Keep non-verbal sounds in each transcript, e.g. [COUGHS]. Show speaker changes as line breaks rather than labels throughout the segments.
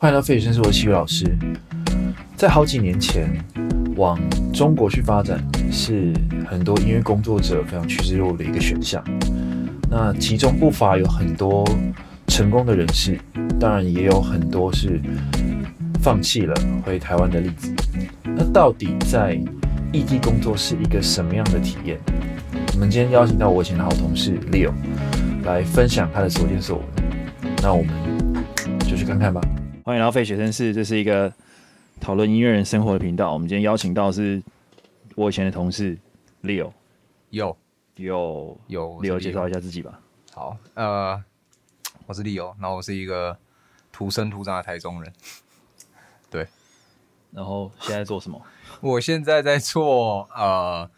歡迎到費雪紳士，我是騎慾老師。在好幾年前，往中國去發展是很多音樂工作者非常趨之若鶩的一個選項。那其中不乏有很多成功的人士，當然也有很多是放棄了回台灣的例子。那到底在異地工作是一個什麼樣的體驗？我們今天邀請到我以前的好同事 Leo 來分享他的所見所聞。那我們就去看看吧。歡迎來到費雪紳士，這是一個討論音樂人生活的頻道。我們今天邀請到是我以前的同事 Leo。有有有，Leo 介紹一下自己吧。
好，呃，我是 Leo，那我是一個土生土長的台中人。 [LAUGHS] 對，然後現在在做什麼？ [LAUGHS] 我現在在做呃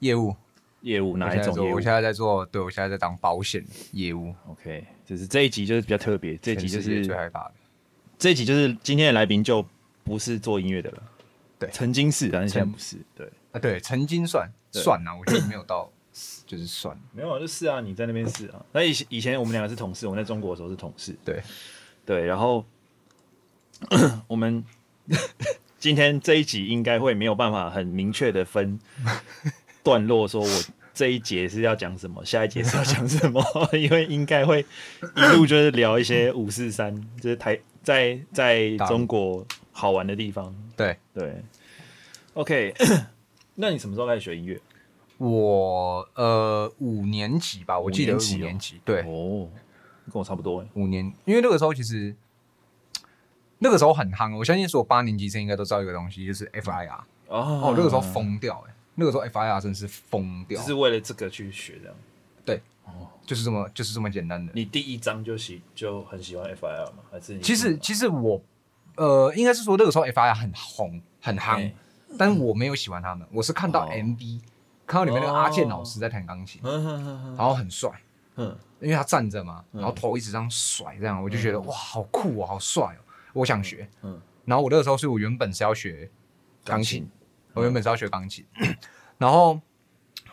業務，業務哪一種？業務？我現在在做，我現在在做對，我現在在當保險業務。OK，
就是這一集就是比較特別，這一集就是最害怕的。這一集就是今天的來賓就不是做音樂的了，對，曾經是，但是現在不是，對，啊、呃，對，曾經算算啊，我覺得沒有到， [COUGHS] 就是算了，沒有，就是啊，你在那邊是啊，那以前以前我們兩個是同事，我們在中國的時候是同事，對，對，然後咳咳我們今天這一集應該會沒有辦法很明確的分段落，說我這一節是要講什麼，下一節是要講什麼， [LAUGHS] 因為應該會一路就是聊一些五四三，就是台。在在中國好玩的地方，對對，OK [COUGHS] 。
那你什麼時候開始學音樂？我呃五年級吧，我記得五年級，五年級哦，對哦，跟我差不多。五年，因為那個時候其實那個時候很夯，我相信所有八年級生應該都知道一個東西，就是 FIR 哦，哦，那個時候瘋掉哎，那個時候 FIR 真是瘋掉，是
為了這個去學的，
對哦。.就是這麼就是這麼簡單的。你
第一張就喜就很喜歡 FIR 嗎？還是其實
其實我呃應該是說那個時候 FIR 很紅很夯，欸、但是我沒有喜歡他們，嗯、我是看到 MV，、哦、看到裡面那個阿健老師在彈鋼琴、哦，然後很帥，嗯，因為他站着嘛，然後頭一直這樣甩這樣，嗯、我就覺得哇好酷哦、喔，好帥哦、喔，我想學，嗯，嗯然後我那個時候是我原本是要學鋼琴，琴、嗯，我原本是要學鋼琴， [LAUGHS] 然後。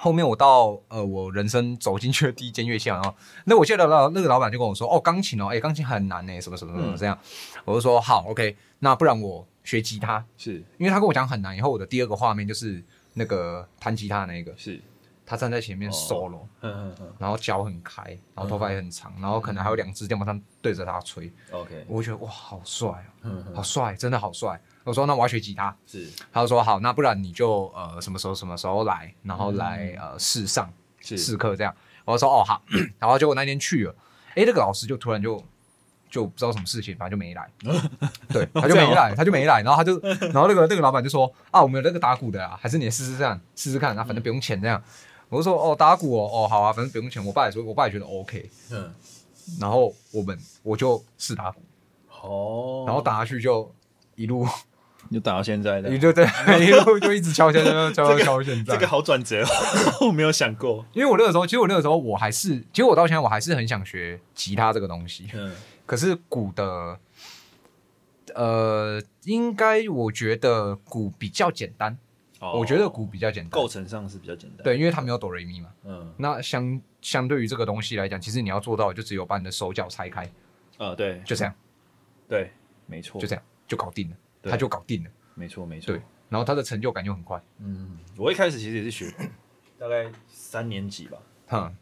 後面我到呃，我人生走進去的第一間樂器行，然後那我記得那個老那個老闆就跟我說，哦，鋼琴哦，哎、欸，鋼琴很難呢、欸，什麼什麼什麼、嗯、這樣，我就說好，OK，那不然我學吉他，是因為他跟我講很難。以後我的第二個畫面就是那個彈吉他那個，是他站在前面 solo，、哦、然後腳很開，然後頭髮也很長、嗯，然後可能還有兩只電風扇對着他吹，OK，我就覺得哇，好帥哦、嗯，好帥，真的好帥。我說：“那我要學吉他。”是，他就說：“好，那不然你就呃什麼時候什麼時候來，然後來、嗯、呃試上試課這樣。”我就說：“哦，好。” [COUGHS] 然後結果那天去了，誒，那個老師就突然就就不知道什麼事情，反正就沒來。 [LAUGHS] 對，他就沒來， [LAUGHS] 他就沒來，他就沒來。然後他就， [LAUGHS] 然後那個那個老闆就說：“啊，我們有那個打鼓的啊，還是你試試這樣，試試看啊，反正不用錢這樣。嗯”我就說：“哦，打鼓哦，哦，好啊，反正不用錢。”我爸也說，我爸也覺得 OK。嗯、然後我們我就試打鼓。哦。然後打下去就一路。就打到現在的，你就在一就一直敲敲敲敲敲，現在，敲到敲現在、 [LAUGHS] 這個、這個好轉折哦，我沒有想過。因為我那個時候，其實我那個時候，我還是其實我到現在，我還是很想學吉他這個東西。嗯，可是鼓的，呃，應該我覺得鼓比較簡單，
哦，我覺得
鼓比較簡單，哦、構成上是比較簡單。對，因為它沒有哆瑞咪嘛。嗯，那相相對於這個東西來講，其實你要做到，就只有把你的手腳拆開。呃、
哦，對，就這樣。對，
沒錯，就這樣就搞定了。他就搞定了，沒錯沒錯。對，然後他的成就感就很快。嗯，
我一開始其實也是學，大概三年級吧。
嗯，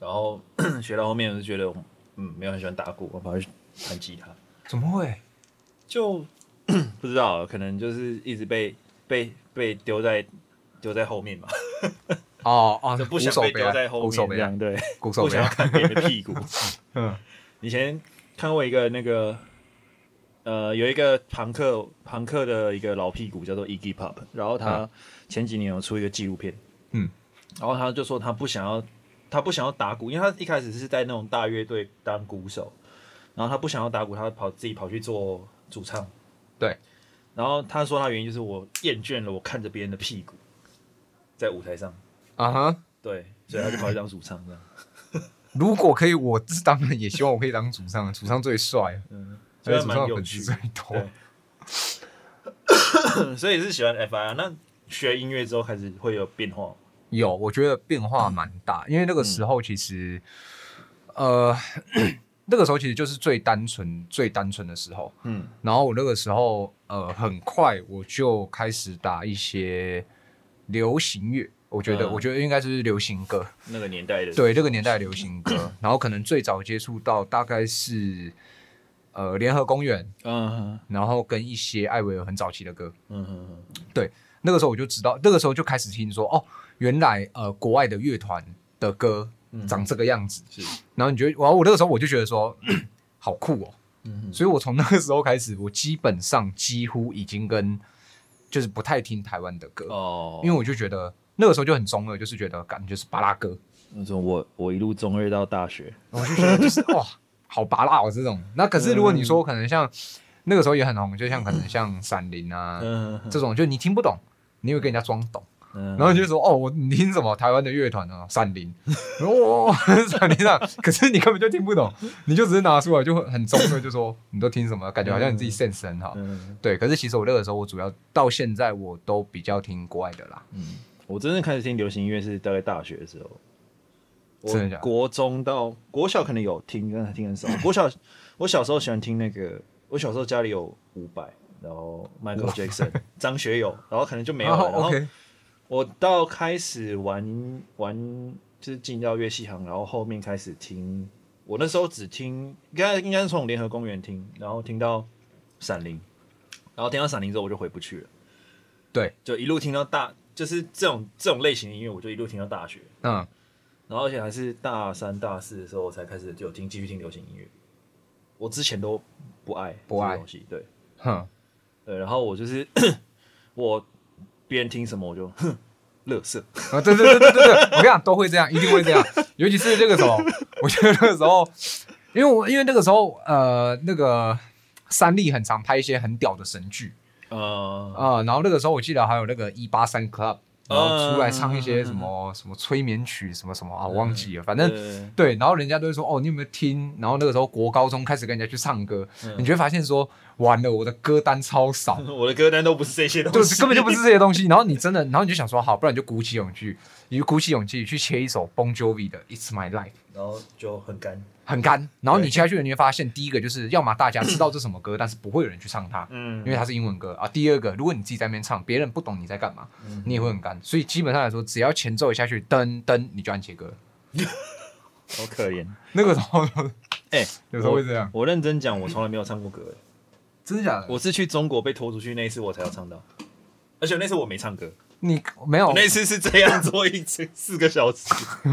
然後呵呵學到後面我就覺得，嗯，沒有很喜歡打鼓，我反而彈吉他。
怎麼會？就
不知道，可能就是一直被被被丟在丟在後面吧。哦哦， [LAUGHS] 就不想被丟在後面哦，手不要，鼓手不要，對，鼓手不要看別人的屁股。嗯， [LAUGHS] 以前看過一個那個，呃，有一個龐克朋克的一個老屁股叫做 Iggy Pop，然後他前幾年有出一個紀錄片，嗯，然後他就說他不想要他不想要打鼓，因為他一開始是在那種大樂隊當鼓手，然後他不想要打鼓，他跑自己跑去做主唱，對，然後他說他原因就是我厭倦了我看着別人的屁股在舞台上，
啊哈，對，所以他就跑去當主唱 [LAUGHS] 這樣如果可以，我自當然也希望我可以當主唱， [LAUGHS] 主唱最帥。嗯所以蠻有趣最
多， [COUGHS] 所以是喜歡 FI 啊。那學音樂之後
開始會有變化？有，我覺得變化蠻大，嗯，因為那個時候其實，嗯、呃， [COUGHS] 那個時候其實就是最單純、最單純的時候。嗯，然後我那個時候，呃，很快我就開始打一些流行樂。我覺得，嗯、我覺得應該是流行歌，那
個年代的對，
那個年代流行歌。 [COUGHS] 然後可能最早接觸到大概是。呃，聯合公園，嗯、uh -huh.，然後跟一些艾薇兒很早期的歌，嗯哼，對，那個時候我就知道，那個時候就開始聽說，哦，原來呃，國外的樂團的歌長這個樣子，是、uh -huh.，然後你覺得，然後我那個時候我就覺得說， [COUGHS] [COUGHS] 好酷哦，嗯、uh -huh.，所以我從那個時候開始，我基本上幾乎已經跟就是不太聽臺灣的歌哦，oh. 因為我就覺得那個時候就很中二，就是覺得感覺是巴拉歌，那種我我一路中二到大學， [LAUGHS] 我就覺得就是哇。 [LAUGHS] 好芭樂哦，這種。那可是如果你說可能像那個時候也很紅，就像可能像閃靈啊這種，就你聽不懂，你會跟人家裝懂，然後你就說哦，我你聽什麼台灣的樂團啊？閃靈，哦，閃靈啊。可是你根本就聽不懂，你就只是拿出來就會很裝的就說，你都聽什麼，感覺好像你自己 sense 很好，對。可是其實我那個時候我主要到現在我都比較聽國外的啦。我真正開始聽流行音樂是大概大學的時候。我國中到
國小可能有聽，但是聽很少。 [LAUGHS] 國小我小時候喜歡聽那個，我小時候家裡有伍佰，然後 Michael Jackson、張學友， [LAUGHS] 然後可能就沒有了。Oh, okay. 然後我到開始玩玩，就是進到樂器行，然後後面開始聽。我那時候只聽，應該應該是從聯合公園聽，然後聽到《閃靈》，然後聽到《閃靈》之後我就回不去了。對，就一路聽到大，就是這種這種類型的音樂，我就一路聽到大學。嗯。然後，而且還是大三、大四的時候，我才開始就有聽繼續聽流行音樂。我之前都不愛不愛東西，對，
哼，
對。然後我就是 [COUGHS] 我別人聽什麼我就哼，
樂色啊，對對對對對對， [LAUGHS] 我跟你講都會這樣，一定會這樣。尤其是這個時候， [LAUGHS] 我覺得那個時候，因為我因為那個時候，呃，那個三立很常拍一些很屌的神劇，呃啊、呃。然後那個時候我記得還有那個183 Club。然後出來唱一些什麼、嗯、什麼催眠曲什麼什麼啊，我忘記了，反正對，對，對，對，對，然後人家都會說哦，你有沒有聽？然後那個時候國高中開始跟人家去唱歌、嗯，你就會發現說，完了，我的歌單超少，
我的歌單都不是這些東西，就，根本就不是這
些東西。 [LAUGHS] 然後你真的，然後你就想說，好，不然你就鼓起勇氣。你就鼓起勇氣去切一首 Bon Jovi 的 It's My Life，然後就很乾，很乾。然後你切下去，你會發現，第一個就是要嘛大家知道這是什麼歌， [COUGHS] 但是不會有人去唱它，嗯，因為它是英文歌啊。第二個，如果你自己在那邊唱，別人不懂你在幹嘛，嗯、你也會很乾。所以基本上來說，只要前奏一下去，噔噔，你就按切歌。好可憐，那個時候哎，有時候會這樣
我？我認真講，我從來沒有唱過歌誒， [COUGHS] 真的假的？我是去中國被拖出去那一次我才要唱到，而且那次我沒唱歌。
你，沒有。那次是這樣做一次，四個小時。 [LAUGHS]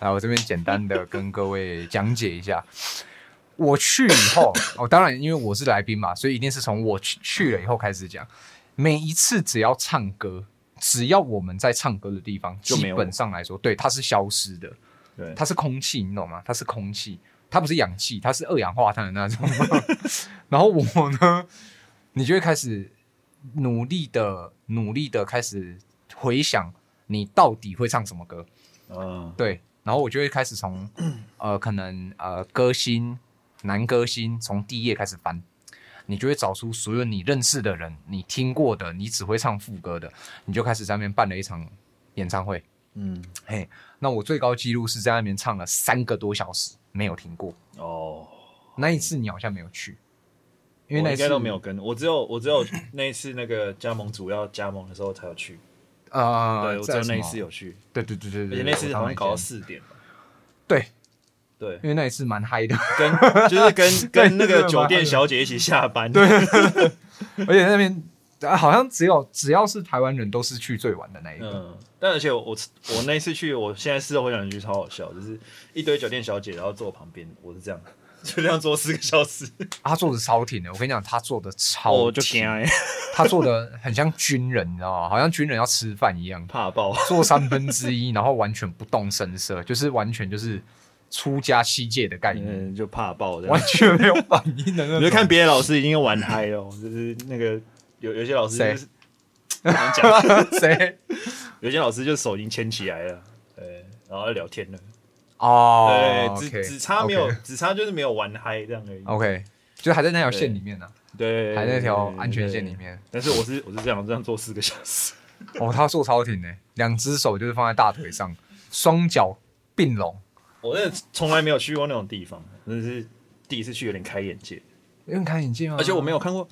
來，我這邊簡單的跟各位講解一下。 [LAUGHS] 我去以後，哦，當然因為我是來賓嘛，所以一定是從我去去了以後開始講。每一次只要唱歌，只要我們在唱歌的地方，就基本上來說，對它是消失的，對它是空氣，你懂嗎？它是空氣，它不是氧氣，它是二氧化碳的那種。 [LAUGHS] 然後我呢，你就會開始努力的，努力的開始。回想你到底會唱什麼歌，嗯、uh,，對，然後我就會開始從，呃，可能呃，歌星、男歌星，從第一頁開始翻，你就會找出所有你認識的人，你聽過的，你只會唱副歌的，你就開始在那邊辦了一場演唱會，嗯，嘿，那我最高紀錄是在那邊唱了三個多小時沒有停過，哦、oh,，那一次你好像沒有去，因為那一次應該都沒有跟
我，只有我，只有那一次那個加盟主要加盟的時候才有去。
啊、呃，我只有那一次有去，對對對對對，那次好像搞到四點，對對，因為那一次蠻嗨的，跟就是跟 [LAUGHS] 跟那個酒店小姐一起下班， [LAUGHS] 對， [LAUGHS] 對 [LAUGHS] 而且那邊好像只有只要是台灣人都是去最晚的那一個、嗯，
但而且我我，我那一次去，我現在事後回想去超好笑，就是一堆酒店小姐然後坐我旁邊，我是這樣。
就這樣坐四個小時，啊、他坐的超挺的。我跟你講，他坐的超挺，哦、他坐的很像軍人，你知道嗎？好像軍人要吃飯一樣，怕爆，坐三分之一， [LAUGHS] 然後完全不動聲色，就是完全就是出家七戒的概念，嗯嗯、就怕爆，完全沒有反應的那種。 [LAUGHS] 你就看別的老師已經玩嗨了，就是
那個有有些老師誰、就是，有些老師就手已經牽起來了，對，然後要聊天了。哦、oh,，對，只、okay, 只差沒有，okay. 只差就是沒有玩嗨這樣而已。
OK，就還在那條線裡面呢、啊，對，還在那條安全線裡面。對對對但是我是我是這樣這樣坐四個小時。 [LAUGHS] 哦，他坐超挺呢，兩只手就是放在大腿上，雙腳併攏。我那從來沒有
去過那種地方，真的是第一次去，有點開眼界。
有點開眼界啊！而且我沒有
看過，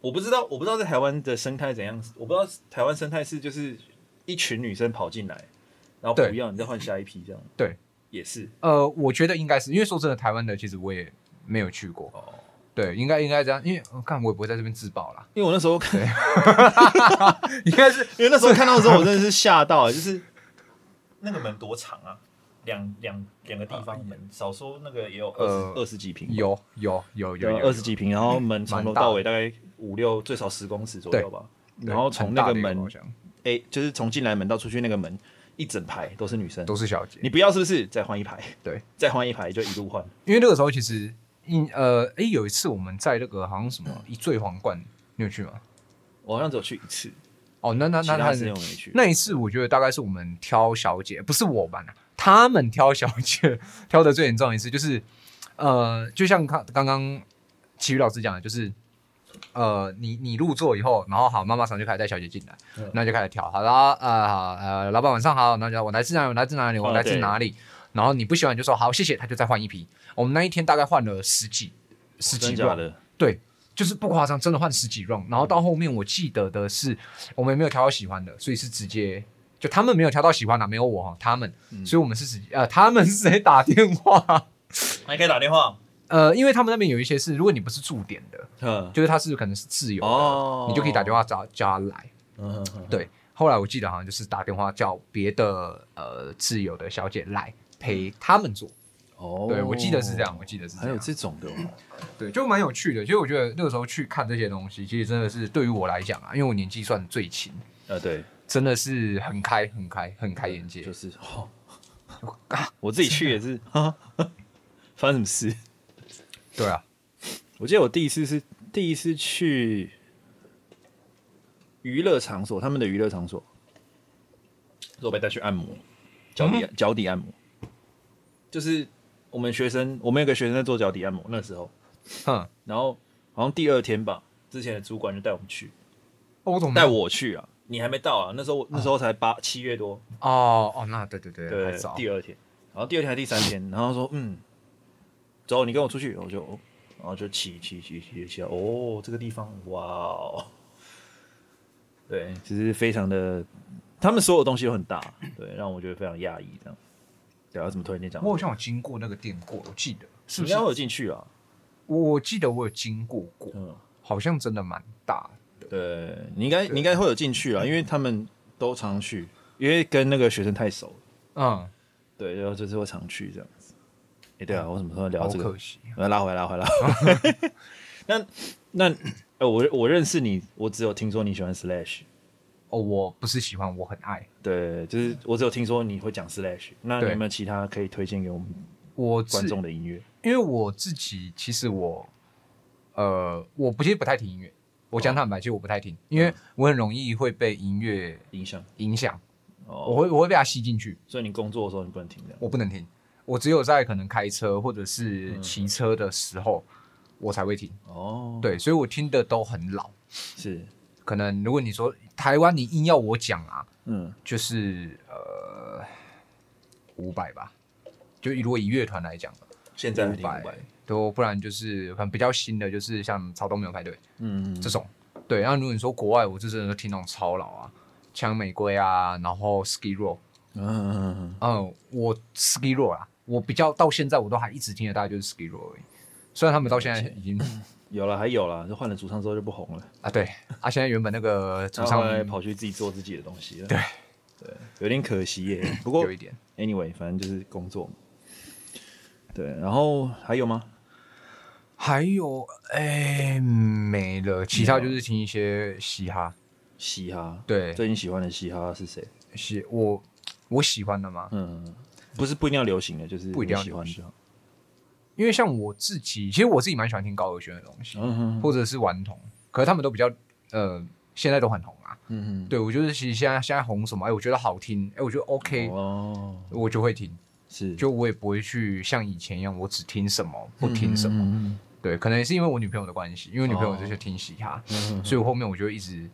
我不知道我不知道在台灣的生態怎樣，我不知道台灣生態是就是一群女生跑進來，然後不一樣，你再換下一批這樣。
對。也是，呃，我覺得應該是因為說真的，台灣的其實我也沒有去過，哦、對，應該應該這樣，因為我看、呃、我也不會在這邊自爆啦，因為我那時候看， [LAUGHS] 應該是因為那時候看到的時候，我真的是嚇到、欸，就是
[LAUGHS] 那個門多長啊，兩兩兩個地方的門、啊，少說那個也有二二十幾
平，有有有有二十幾平，然後門從頭到尾大
概五六最少十公尺左右吧，然後從那個門，哎、欸，就是從進來門到出去那個門。一整排都是女生，都是小姐，你不要是不是？再換一排，對，再換一
排就一路換。因為那個時候其實，你、嗯、呃，誒、欸，有一次我們在那個好像什麼一醉皇冠，你有去嗎？我好像只有去一次。哦，那那那那一次我沒去。那一次我覺得大概是我們挑小姐，不是我們、啊、他們挑小姐挑的最嚴重一次，就是呃，就像剛剛剛騎慾老師講的，就是。呃，你你入座以後，然後好，媽媽桑就開始帶小姐進來，嗯、那就開始挑。好了，啊、呃，好，呃，老闆晚上好，那就我來自哪裡，我來自哪裡，我來自哪裡。啊哪裡啊、然後你不喜歡就說好，謝謝，他就再換一批。我們那一天大概換了十幾，哦、十幾 round 對，就是不誇張，真的換十幾 round。然後到後面我記得的是，我們也沒有挑到喜歡的，所以是直接就他們沒有挑到喜歡的，沒有我哈，他們、嗯，所以我們是直接呃，他們是誰打電話？
你可以打電話。
呃，因為他們那邊有一些是，如果你不是駐點的，就是他是可能是自由的，哦、你就可以打電話找叫他來、嗯哼哼。對，後來我記得好像就是打電話叫別的呃自由的小姐來陪他們做。哦，對，我記得是這樣，我記得是這樣。還有這種的、哦，對，就蠻有趣的。其實我覺得那個時候去看這些東西，其實真的是對於我來講啊，因為我年紀算最輕，呃，對，真的是很開很開很開眼界，嗯、就是、哦。啊，我自己去也是，
是啊、 [LAUGHS] 發生什麼事？對啊，我記得我第一次是第一次去娛樂場所，他們的娛樂場所，我被帶去按摩，腳底、嗯、腳底按摩，就是我們學生，我們有一個學生在做腳底按摩，那時候，
哼，
然後好像第二天吧，之前的主管就帶我們去，哦、我怎麼帶我去啊？你還沒到啊？那時候、哦、那時候才八七月多，哦哦，
那對對對，對還早，第二
天，然後第二天還第三天， [LAUGHS] 然後說嗯。走，你跟我出去，我就，然後就起起起起起來，哦，這個地方，哇哦，對，其實非常的，他們所有東西都很大，對，讓我覺得非常壓抑，這樣。對啊，怎麼突然間講？我好像有經過那個店過，我記得，什麼時候有進去啊？我記得我有經過過，嗯，好像真的蠻大的。對，你應該你應該會有進去啊，因為他們都常去、嗯，因為跟那個學生太熟了，嗯，對，然後就是會常去這樣。哎、欸，對啊，我什麼時候聊這個？嗯、好可惜，啊，要，啊、拉回來，拉回來。那 [LAUGHS] [LAUGHS] 那，呃、我我認識你，我只有聽說你喜歡 Slash。哦，我不是喜歡，我很愛。
對，就是
我只有聽說你會講 Slash。那你有沒
有其他可以推薦給我們？我觀眾的音樂，因為我自己其實我，呃，我不其實不太聽音樂。我講坦白，其實我不太聽，哦，因為我很容易會被音樂影響影響。哦，我會我會被它吸進去。所以你工作的時候你不能聽的，我不能聽。我只有在可能開車或者是騎車的時候，嗯、我才會聽哦。對，所以我聽的都很老。是，可能如果你說台灣，你硬要我講啊，嗯，就是呃伍佰吧。就如果以樂團來講現在伍佰，都不然就是可能比較新的，就是像草東沒有派對，嗯、嗯，這種。對，然後如果你說國外，我就是聽那種超老啊，槍玫瑰啊，然後 Skid Row。嗯嗯嗯，我 Skid Row 啦、啊。嗯嗯我比較到現在，我都還一直聽的大概就是 Skid Row 雖然他們到現在已經有了，還有了，就換了主唱之後就不紅了啊對。對啊，現在原本那個主唱
跑去自己做自己的東西了。對,對有點可惜耶、欸。不過有一點，Anyway，反正就是工作對，然後還有嗎？還有哎、欸，沒了。其他就是聽一些嘻哈，嘻哈。對，最近喜歡的嘻哈是誰？
喜我我喜歡的嗎？嗯。不是不一定要流行的，就是就不一定要喜歡的，因為像我自己，其實我自己蠻喜歡聽高爾宣的東西，嗯、或者是頑童，可是他們都比較呃，現在都很紅啊。嗯，對，我就是其實現在現在紅什麼？哎，我覺得好聽，哎，我覺得 OK、哦、我就會聽，是，就我也不會去像以前一樣，我只聽什麼不聽什麼。嗯、對，可能也是因為我女朋友的關係，因為女朋友就去聽嘻哈、嗯，所以我後面我就一直。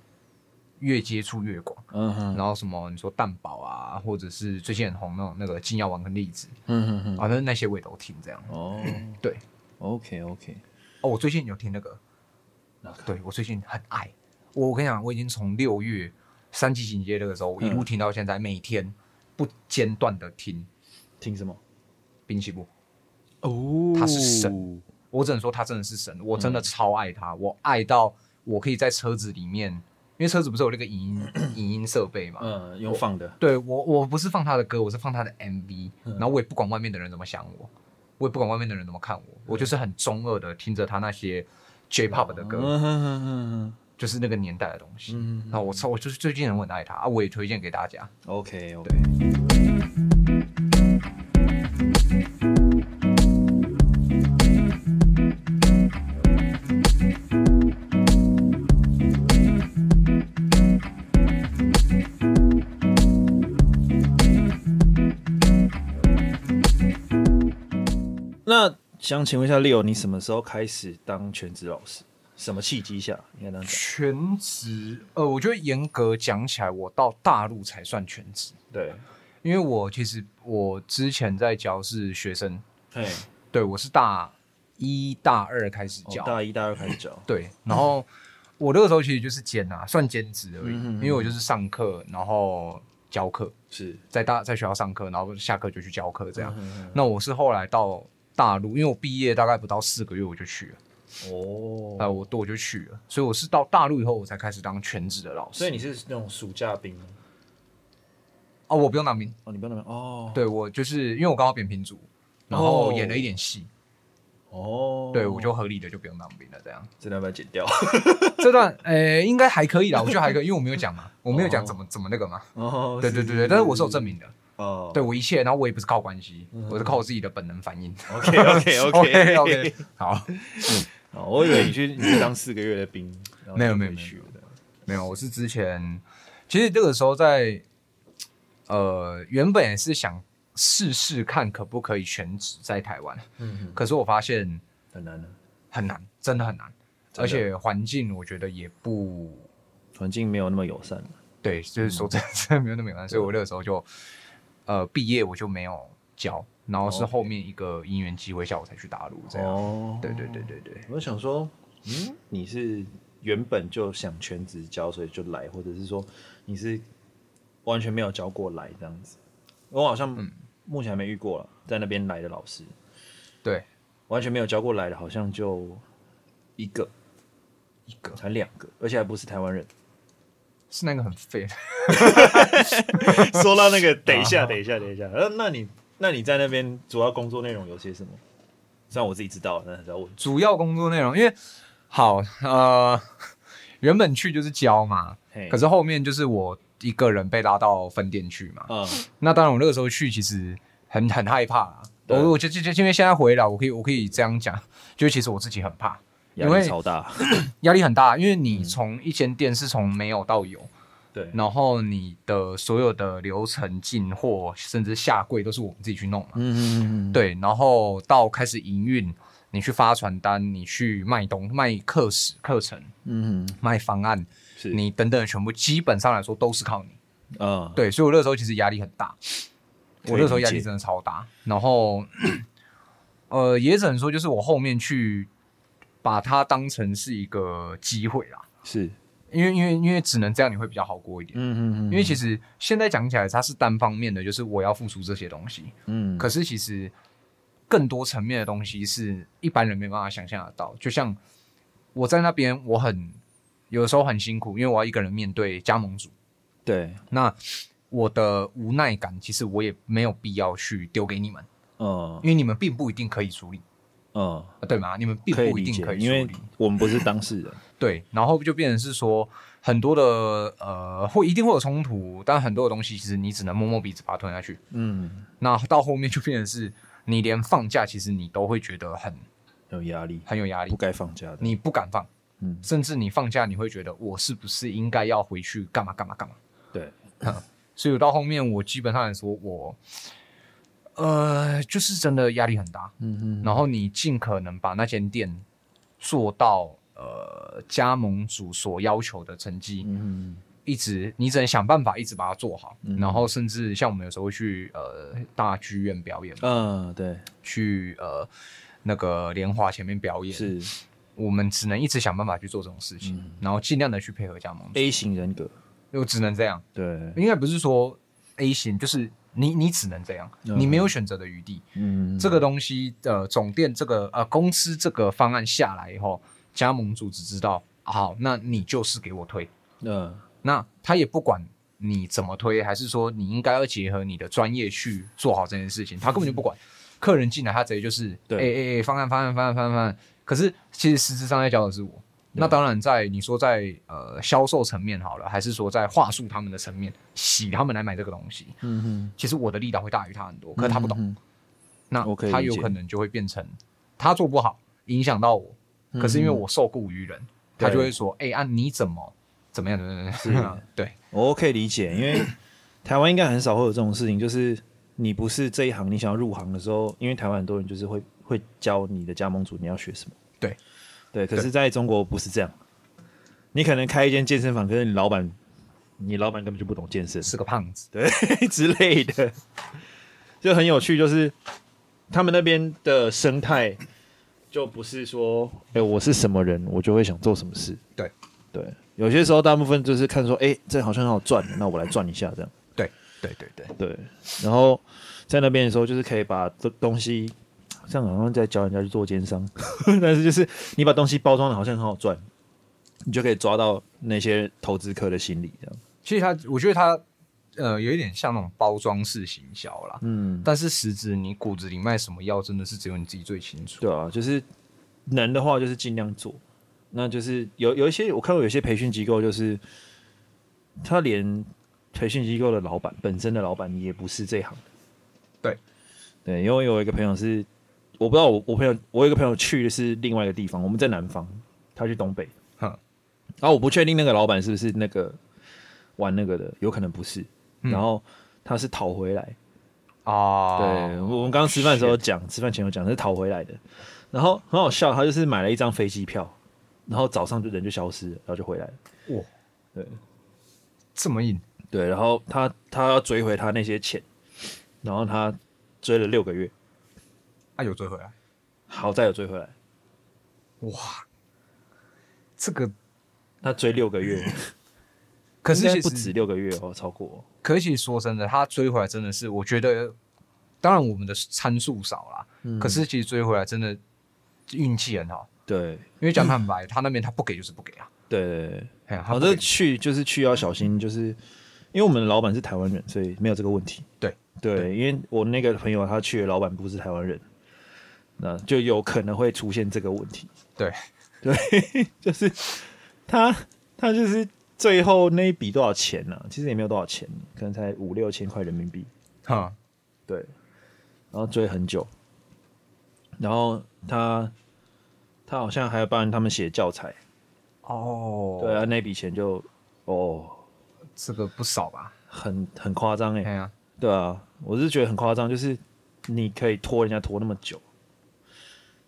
越接觸越廣，嗯哼，然後什麼你說蛋堡啊，或者是最近很紅那種，嗯、那種那個金耀王跟栗子，嗯
哼哼，
反、啊、正那些味道我也都聽這樣。哦，嗯、對，OK OK，哦，我最近有聽那個，那對我最近很愛。我跟你講，我已經從六月三級警戒那個時候我一路聽到現在，嗯、每天不間斷的聽。聽什麼？濱崎步。
哦，他是神，
我只能說他真的是神，我真的超愛他，嗯、我愛到我可以在車子裡面。因為車子不是有那個影音 [COUGHS] 影音設備嘛？嗯，有放的。對我，我不是放他的歌，我是放他的 MV，嗯。然後我也不管外面的人怎麼想我，我也不管外面的人怎麼看我，嗯、我就是很中二的聽着他那些 J-Pop 的歌，嗯，就是那個年代的東西。嗯、然後我操，我就是最近很很愛他，我也推薦給大家。OK，okay. 對。
想請問一下 Leo，你什麼時候開始當全職老師、嗯？什麼契機下？
應該講全職，呃，我覺得嚴格講起來，我到大陸才算全職。對，因為我其實我之前在教是學生，對，對我是大一大二開始教、哦，大一大二開始教。對，然後我那個時候其實就是兼啊，算兼職而已嗯嗯嗯嗯，因為我就是上課，然後教課是在大在學校上課，然後下課就去教課這樣嗯嗯嗯嗯。那我是後來到。大陸，因為我畢業大概不到四個月我就去了，哦，哎，我多我就去了，所以我是到大陸以後我才開始當全職的老師，所以你是那
種暑假兵，哦、
oh,，我不用當兵，哦、oh,，
你不用當兵，哦、oh.，
對，我就是因為我剛好扁平足，然後演了一點戲，哦、oh. oh.，對，我就合理的就不用當兵了，這樣，這段要不要剪掉？ [LAUGHS] 這段，呃、欸，應該還可以啦，我覺得還可以， [LAUGHS] 因為我沒有講嘛、啊，我沒有講怎麼、oh. 怎麼那個嘛，哦、oh.，對對對對，oh. 但是我是有證明的。對我一切，然後我也不是靠關係，嗯、我是靠我自己的本能反應。OK OK OK，o、okay, [LAUGHS] Okay , k okay, [LAUGHS] 好,、嗯、好。我以為你去你當四個月的兵，沒有沒有沒有，沒有。我是之前其實這個時候在，呃，原本也是想試試看可不可以全職在台灣，嗯、可是我發現很難、啊、很難，真的很難，而且環境我覺得也不環境沒有那麼友善、啊。對，就是說真的沒有那麼友善，所以我那個時候就。呃，畢業我就沒有教，然後是後面一個因緣機會下，我才去大陸這樣。哦。對對對
對對。我就想說，嗯，你是原本就想全職教，所以就來，或者是說你是完全沒有教過來這樣子？我好像目前還沒遇過、嗯、在那邊來的老師，對，完全沒有教過來的，好像就一個，一個才兩個，而且還不是台灣人。是那個很廢。 [LAUGHS]
說到那個， [LAUGHS] 等一下，啊，等一下，等一下。那
那你那你在那邊主要工作內容有些什麼？像我自己知道，那
主要工作內容，因為好呃，原本去就是教嘛，可是後面就是我一個人被拉到分店去嘛。嗯。那當然，我那個時候去其實很很害怕。我我就就因為現在回來，我可以我可以這樣講，就是其實我自己很怕。因為壓力壓力很大，因為你從一間店是從沒有到有，嗯、對，然後你的所有的流程、進貨，甚至下櫃都是我們自己去弄嘛，嗯嗯嗯，對，然後到開始營運，你去發傳單，你去賣東賣課時課程，嗯，賣方案，是你等等全部，基本上來說都是靠你，嗯。對，所以我那時候其實壓力很大，我那時候壓力真的超大，然後，呃，也只能說就是我後面去。把它當成是一個機會啦，是，因為因為因為只能這樣你會比較好過一點，嗯嗯嗯，因為其實現在講起來它是單方面的，就是我要付出這些東西，嗯，可是其實更多層面的東西是一般人沒辦法想象得到，就像我在那邊我很，有時候很辛苦，因為我要一個人面對加盟組，對，那我的無奈感其實我也沒有必要去丟給你們，嗯，因為你們並不一定可以處理。嗯，對嘛？你們並不一定可以，可以理解，因為
我們不是當事人。
[LAUGHS] 對，然後就變成是說很多的呃，會一定會有衝突，但很多的東西其實你只能摸摸鼻子把它吞下去。嗯，那到後面就變成是，你連放假其實你都會覺得很有壓力，很有壓力，不該放假的你不敢放、嗯，甚至你放假你會覺得我是不是應該要回去幹嘛幹嘛幹嘛？對、嗯，所以到後面我基本上來說我。呃，就是真的壓力很大，嗯嗯，然後你盡可能把那間店做到呃加盟主所要求的成績，嗯一直你只能想辦法一直把它做好，嗯、然後甚至像我們有時候會去呃大劇院表演，嗯，對，去呃那個蓮花前面表演，是我們只能一直想辦法去做這種事情，嗯、然後盡量的去配合加盟主。A 型人格，又只能這樣，對，應該不是說 A 型，就是。你你只能這樣，你沒有選擇的餘地。嗯，這個東西的、呃、總店這個呃公司這個方案下來以後，加盟組織知道、啊，好，那你就是給我推。嗯，那他也不管你怎麼推，還是說你應該要結合你的專業去做好這件事情，他根本就不管。嗯、客人進來，他直接就是，對，哎哎哎，方案方案方案方案。方案。可是其實實質上在教的是我。那當然，在你說在呃銷售層面好了，還是說在話術他們的層面，洗他們來買這個東西，嗯哼，其實我的力道會大於他很多、嗯，可他不懂、嗯，那他有可能就會變成他做不好，影響到我、嗯，可是因為我受僱於人、嗯，他就會說，哎按、欸啊、你怎麼怎麼樣？對對對， [LAUGHS] 對，我可以理解，因為台灣
應該很少會有這種事情，就是你不是這一行，你想要入行的時候，因為台灣很多人就是會會教你的加盟主你要學什麼，對。對，可是在中國不是這樣，你可能開一間健身房，可是你老闆，你老闆根本就不懂健身，是個胖子，對之類的，就很有趣，就是他們那邊的生態，就不是說，哎，我是什麼人，我就會想做什麼事，對，對，有些時候大部分就是看說，哎，這好像很好賺， [LAUGHS] 那我來賺一下這樣，對，對，對，對，對，對，然後在那邊的時候，就是可以把這東西。像好像在教人家去做奸商，但是就是你把東西包裝的好像很好賺，你
就可以抓到那些投資客的心理。這樣，其實他我覺得他呃有一點像那種包裝式行銷啦，嗯。但是實質你骨子裡賣什麼藥，真的是只有你自己最清楚。對啊，就是能的話就是盡量做。那就是有有一些
我看過有些培訓機構，就是他連培訓機構的老板本身的老板也不是這行。對，對，因為我有一個朋友是。我不知道我，我我朋友，我有一個朋友去的是另外一個地方，我們在南方，他去東北，哈。然後我不確定那個老闆是不是那個玩那個的，有可能不是。嗯、然後他是逃回來啊、哦。對，我們剛，剛吃飯時候講，吃飯前有講是逃回來的。然後很好笑，他就是買了一張飛機票，然後早上就人就消失了，然後就回來
了。哇，對，這麼硬。
對，然後他他要追回他那些錢，然後他追了六個月。有追回來，好在有追回來。
哇，這個他追六個月， [LAUGHS] 可是不止六個月哦，超過。可是說真的，他追回來真的是，我覺得，當然我們的參數少啦、嗯，可是其實追回來真的運氣很好。對，因為講坦白，嗯、他那邊他不給就是不給啊。對，
對，對，對， [LAUGHS] 好的去就是去要小心，就是因為我們的老闆是台灣人，所以沒有這個問題。對、對、對，因為我那個朋友他去的老闆不是台灣人。那、啊、就有可能會出現這個問題。對，對，就是他，他就是最後那一筆多少錢呢、啊？其實也沒有多少錢，可能才五六千塊人民幣。哈、嗯，對，然後追很久，然後他他好像還要幫他們寫教材。哦，對啊，那筆錢就哦，這個不少吧？很很誇張誒。對啊，我是覺得很誇張，就是你可以拖人家拖那麼久。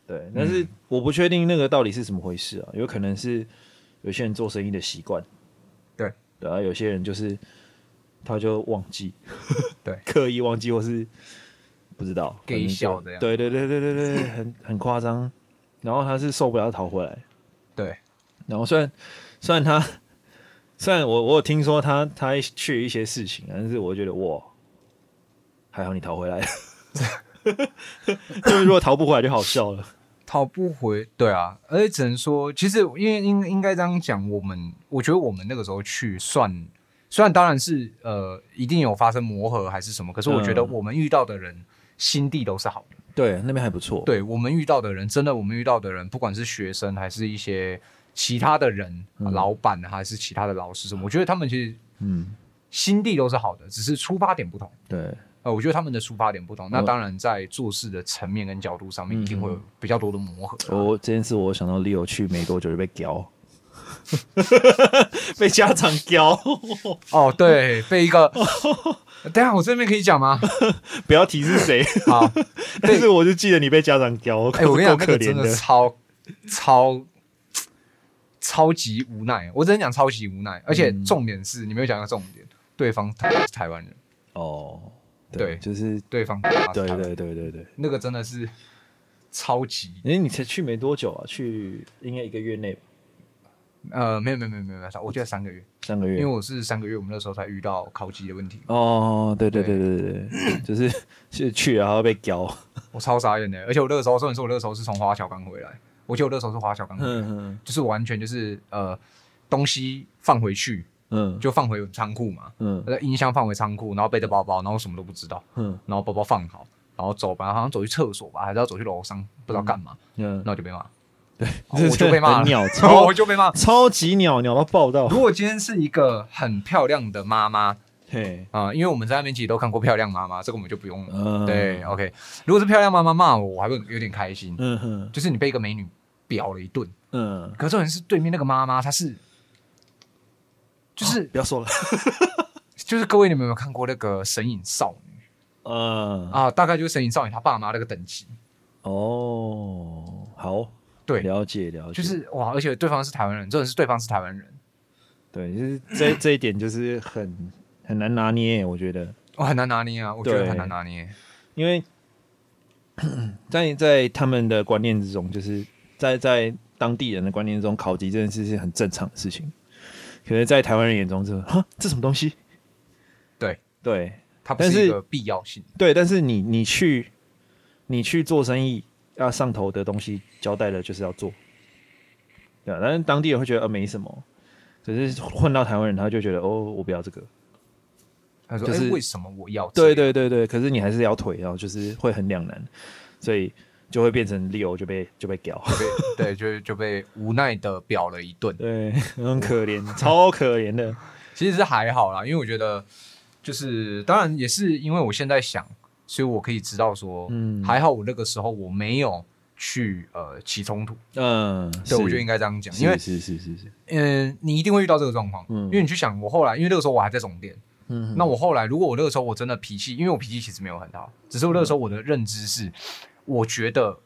對，但是我不確定那個到底是怎麼回事啊？嗯、有可能是有些人做生意的習慣，對然後、啊、有些人就是他就忘記，對， [LAUGHS] 刻意忘記，或是不知道給笑的呀？對對對對對對， [LAUGHS] 很很誇張。然後他是受不了逃回來，對。然後雖然雖然他雖然我我有聽說他他去一些事情，但是我覺得哇，還好你逃回來了。 [LAUGHS] 呵 [LAUGHS] 呵就是如果逃不回來就
好笑了。 [COUGHS] 逃不回，對啊，而且只能說，其實因為應應該這樣講，我們我覺得我們那個時候去算，算雖然當然是呃一定有發生磨合還是什麼，可是我覺得我們遇到的人、嗯、心地都是好的。對，那邊還不錯。對，我們遇到的人，真的我們遇到的人，不管是學生還是一些其他的人，嗯啊、老闆還是其他的老師什麼，我覺得他們其實嗯心地都是好的、嗯，只是出發點不同。對。呃，我覺得他們的出發點不同，那當然在做事的層面跟角度上面，一定會有比較多的磨合、啊嗯。哦，
這件事我想到 Leo 去沒多久就是被教，
[LAUGHS] 被家長教。哦，對，被一個， [LAUGHS] 等一下我這邊可以講嗎？ [LAUGHS] 不要提是誰啊。 [LAUGHS] 但是我就記得你被家長教，哎、啊欸，我跟你講那個真的超超超級無奈，我真的講超級無奈。而且重點是、嗯、你沒有講到重點，對方他是台灣人哦。對，對，就是對方。對對對對對對，那個真的是超級。誒，你才去沒多久啊？去應該一個月內？呃，沒有沒有沒有沒有，我覺得三個月，三個月。因為我是三個月，我們那時候才遇到考級的問題。
哦對對對對對，對 [LAUGHS] 就是去然後被教，
我超傻眼的。而且我那時候說，你說我那時候是從華僑剛回來，我覺得我那時候是華僑剛回來，嗯嗯，就是完全就是呃，東西放回去。嗯、就放回倉庫嘛。嗯，那個音箱，放回倉庫，然後背着包包，然後什麼都不知道。嗯，然後包包放好，然後走吧。好像走去廁所吧，還是要走去樓上，不知道幹嘛，嗯。嗯，那我就被罵。對，對、哦，我就被罵、哦、我就被罵，超級鳥鳥到爆到。如果今天是一個很漂亮的媽媽，對啊、呃，因為我們在那邊其實都看過漂亮媽媽，這個我們就不用了。嗯、對，OK，如果是漂亮媽媽罵我，我還會有點開心。嗯哼、嗯，就是你被一個美女表了一頓。嗯，可是很是對面那個媽媽，她是。就是、啊、不要說了， [LAUGHS] 就是各位，你們有沒有看過那個《神隱少女》？呃，嗯，啊，大概就是《神隱少女》他爸媽那個等級。哦，
好，對，了解了解。就是
哇，而且對方是台灣人，真的是對方是台灣人。
對，就是這這一點就是很 [COUGHS] 很難拿捏，我覺得。
哦，很難拿捏啊，我覺得很難拿捏，因為，
在在他們的觀念之中，就是在在當地人的觀念中，考級這件事是很正常的事情。可能在台灣人眼中、就是哈，這什麼東西？
對對，
它不是一個必要性。對，但是你你去你去做生意，要、啊、上頭的東西交代了，就是要做。對啊，但是當地人會覺得啊、呃，沒什麼。可是混到台灣人，他就覺得哦，我不要這個。他說：“就是、欸、為什麼我要、這個？”對對對對，可是你還是要推啊，就是會很兩難，所以。就會變成六就被就被屌，
[LAUGHS] 對，就就被無奈的屌了一頓，對，很可憐， [LAUGHS] 超可憐的。其實是還好啦，因為我覺得，就是當然也是因為我現在想，所以我可以知道說，嗯，還好我那個時候我沒有去呃起衝突，嗯，對，是我覺得應該這樣講，因為是，是是是是，嗯，你一定會遇到這個狀況，嗯，因為你去想，我後來因為那個時候我還在總店，嗯，那我後來如果我那個時候我真的脾氣，因為我脾氣其實沒有很大，只是我那個時候我的認知是。嗯我覺得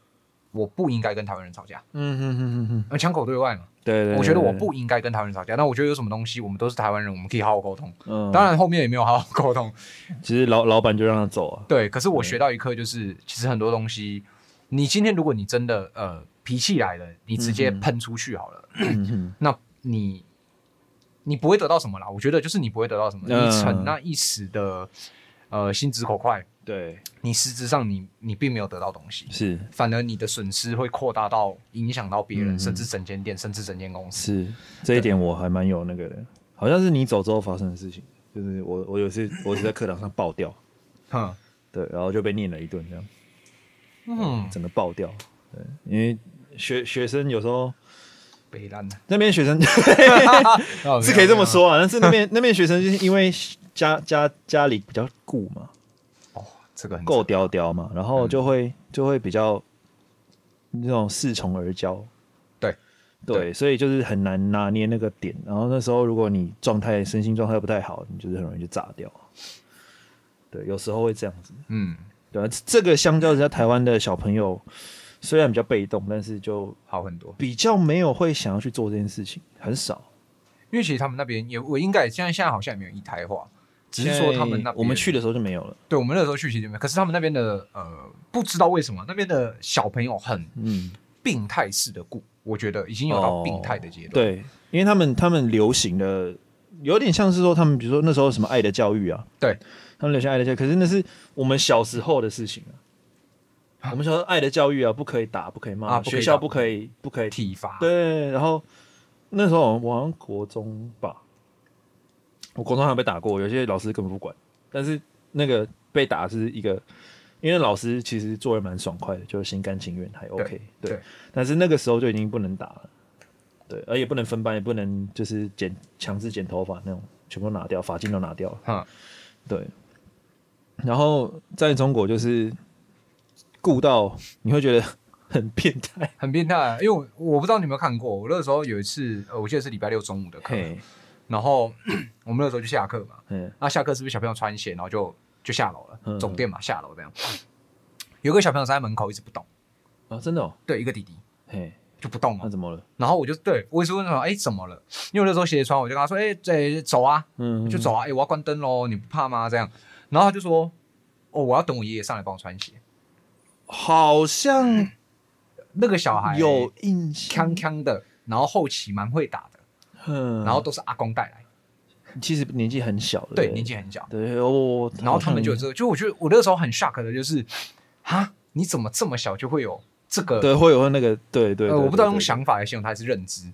我不應該跟台灣人吵架。嗯嗯嗯嗯嗯，那、呃、槍口對外嘛。對對，對，我覺得我不應該跟台灣人吵架。那我覺得有什麼東西，我們都是台灣人，我們可以好好溝通。嗯，當然後面也沒有好好溝通。其實老老板就讓他走啊。 [LAUGHS] 對，可是我學到一課就是，其實很多東西，你今天如果你真的呃脾氣來了，你直接噴出去好了，嗯、 [LAUGHS] 那你你不會得到什麼啦。我覺得就是你不會得到什麼、嗯、一層那一時的呃心直口快。對，你實質上你你並沒有得到東西，是反而你的損失會擴大到影響到別人、嗯，甚至整間店，甚至整間公司。是
這一點我還蠻有那個的，好像是你走之後發生的事情，就是我我有時我是在課堂上爆掉，哈， [LAUGHS] 對，然後就被念了一頓這樣，
嗯
[LAUGHS] 整個爆掉，對，因為學學生有時候北南那邊學生 [LAUGHS] [LAUGHS] [LAUGHS] 是可以這麼說啊， [LAUGHS] 但是那邊 [LAUGHS] 那邊學生就是因為家家家裡比較顧嘛。這個很、啊、夠刁刁嘛，然後就會、嗯、就會比較那種恃寵而驕，對對，對，所以就是很難拿捏那個點。然後那時候如果你狀態身心狀態不太好，你就是很容易就炸掉。對，有時候會這樣子。嗯，對、啊，這個相較是在台灣的小朋友雖然比較被動，但是就好很多，比較沒有會想要去做這件事情，很少。
因為其實他們那邊也我應該現在現在好像也沒有一胎化。只是說他們那我們去的時候就沒有了。對，我們那時候去其實沒有。可是他們那邊的呃，不知道為什麼那邊的小朋友很病態式的過、嗯，我覺得已經有到病態的階段、哦。對，因為他們
他們流行的有點像是說他們，比如說那時候什麼《愛的教育》啊，對，他們流行《愛的教育》。可是那是我們小時候的事情啊。啊我們小時候《愛的教育》啊，不可以打，不可以罵、啊，學校不可以，不可以體罰。對，然後那時候我好像國中吧。我國中好像被打過，有些老師根本不管。但是那個被打是一個，因為老師其實做的蠻爽快的，就是心甘情願還 OK 對對。對，但是那個時候就已經不能打了，對，而也不能分班，也不能就是剪強制剪頭髮那種，全部都拿掉，髮禁都拿掉了。哈、嗯，對。然後在中國就是顧到你會覺得很變
態，很變態，啊， [LAUGHS] 因為我，我不知道你有沒有看過，我那個時候有一次，我記得是禮拜六中午的課。然後我們那時候就下課嘛，那、 [COUGHS] 啊、下課是不是小朋友穿鞋，然後就就下樓了，總店嘛 [COUGHS] 下樓這樣。有個小朋友在門口一直不動 [COUGHS] 啊，真的、哦？對，一個弟弟， [COUGHS] [COUGHS] 就不動了。那怎麼了？然後我就對我也是問說，哎，怎麼了？因為我那時候鞋子穿，我就跟他說，哎，哎走啊，嗯， [COUGHS] 就走啊，哎，我要關燈嘍，你不怕嗎？這樣，然後他就說，哦，我要等我爺爺上來幫我穿鞋。好像那個小孩有印象，腔的，然後後期蠻會打的。嗯，然後都是阿公帶來，其實年紀很小，對，年紀很小，對，哦、然後他們就這個，就我覺得我那個時候很 shock 的就是，哈，你怎麼這麼小就會有這個？對，會有
那個，對對，對，對，對，對、呃。我不知道用
想法來形容他還是認知。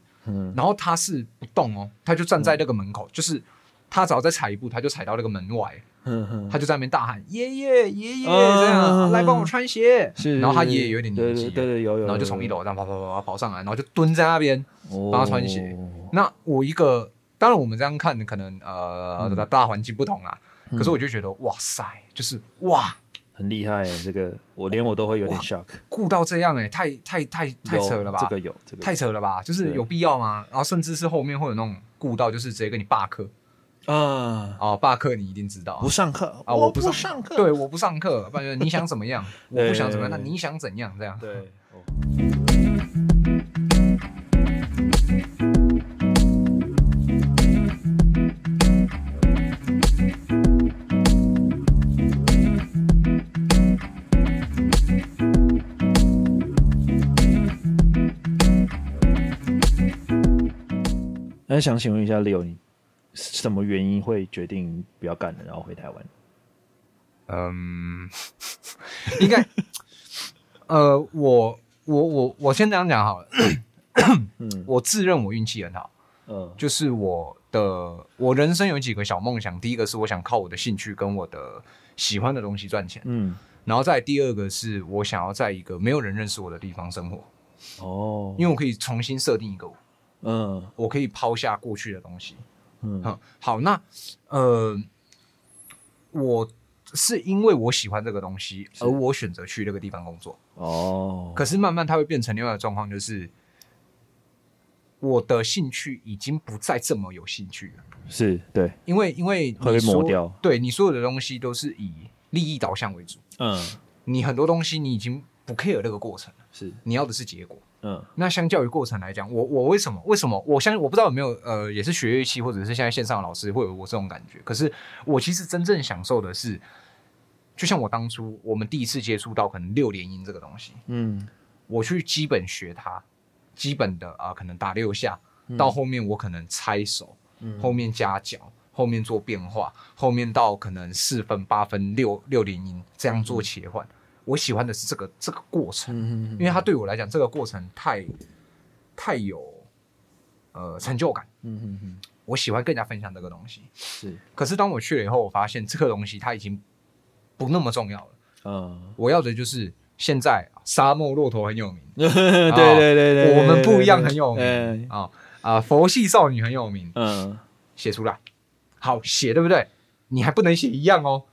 然後他是不動哦，他就站在那個門口，嗯、就是他只要再踩一步，他就踩到那個門外。 [MUSIC] 他就在那邊大喊：“爺爺，爺爺，這樣、uh, 來幫我穿鞋。”然後他爺爺有點年紀，對對,對有有。然後就從一樓這樣跑、跑、跑,跑、跑,跑上來，然後就蹲在那邊幫他穿鞋。Oh. 那我一個，當然我們這樣看，可能呃大環境不同啊、嗯。可是我就覺得，哇塞，就是哇，很厲害、欸。這個我連我都會有點 shock，顧到這樣哎、欸，太太太太扯了吧？這個有這個太扯了吧？就是有必要嗎？然後甚至是後面會有那種顧到，就是直接跟你罷課。嗯，哦，罷課你一定知道、啊，不上課啊，我不上課，對，我不上課，不然就是你想怎麼樣？ [LAUGHS] 我不想怎麼樣，欸、那你想怎樣？這樣，對。
那、 [LAUGHS] 嗯、想請問一下 Leo 你。什麼原因會決定不要幹了，然後回台灣？
嗯，應該， [LAUGHS] 呃，我我我我先這樣講好了。嗯， [COUGHS] 我自認我運氣很好。嗯，就是我的我人生有幾個小夢想。第一個是我想靠我的興趣跟我的喜歡的東西賺錢。嗯，然後再第二個是我想要在一個沒有人認識我的地方生活。哦，因為我可以重新設定一個我。嗯，我可以拋下過去的東西。嗯，嗯，好，那，呃，我是因為我喜歡這個東西，而我選擇去那個地方工作。哦、嗯，可是慢慢它會變成另外的狀況，就是我的興趣已經不再這麼有興趣了。
是對，
因為因為會被磨掉，對你所有的東西都是以利益導向為主。嗯，你很多東西你已經不 care 這個過程了，是你要的是結果。嗯，那相較於過程來講，我我為什麼為什麼我相信，我不知道有沒有呃，也是學樂器或者是現在線上的老師會有我這種感覺。可是我其實真正享受的是，就像我當初我們第一次接觸到可能六連音這個東西，嗯，我去基本學它，基本的啊、呃，可能打六下，到後面我可能拆手，嗯、後面加腳，後面做變化，後面到可能四分八分六六連音這樣做切換。嗯嗯。我喜歡的是這個這個過程，嗯、哼哼因為它對我來講，這個過程太太有呃成就感。嗯嗯嗯，我喜歡跟人家分享這個東西。是，可是當我去了以後，我發現這個東西它已經不那麼重要了。嗯，我要的就是現在沙漠駱駝很有名
[LAUGHS] 啊。對對對對，我們不一樣很有名
啊啊！佛系少女很有名。嗯，寫出來好寫對不對？你還不能寫一樣哦。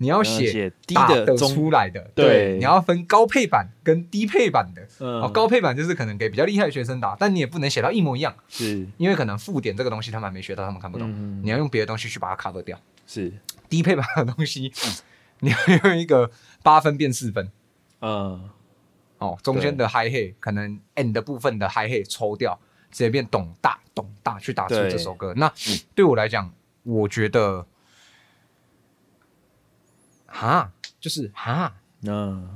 你要寫、嗯、打得出來的對，對，你要分高配版跟低配版的。嗯、哦、高配版就是可能給比較厲害的學生打，但你也不能寫到一模一樣，是，因為可能附點這個東西他們還沒學到，他們看不懂。嗯、你要用別的東西去把它 cover 掉。是，低配版的東西，嗯、你要用一個八分變四分。嗯，哦，中間的 hi-hat 可能 end 部分的 hi-hat 抽掉，直接變咚大咚大去打出這首歌。對，那、嗯、對我來講，我覺得。哈，就是哈，嗯，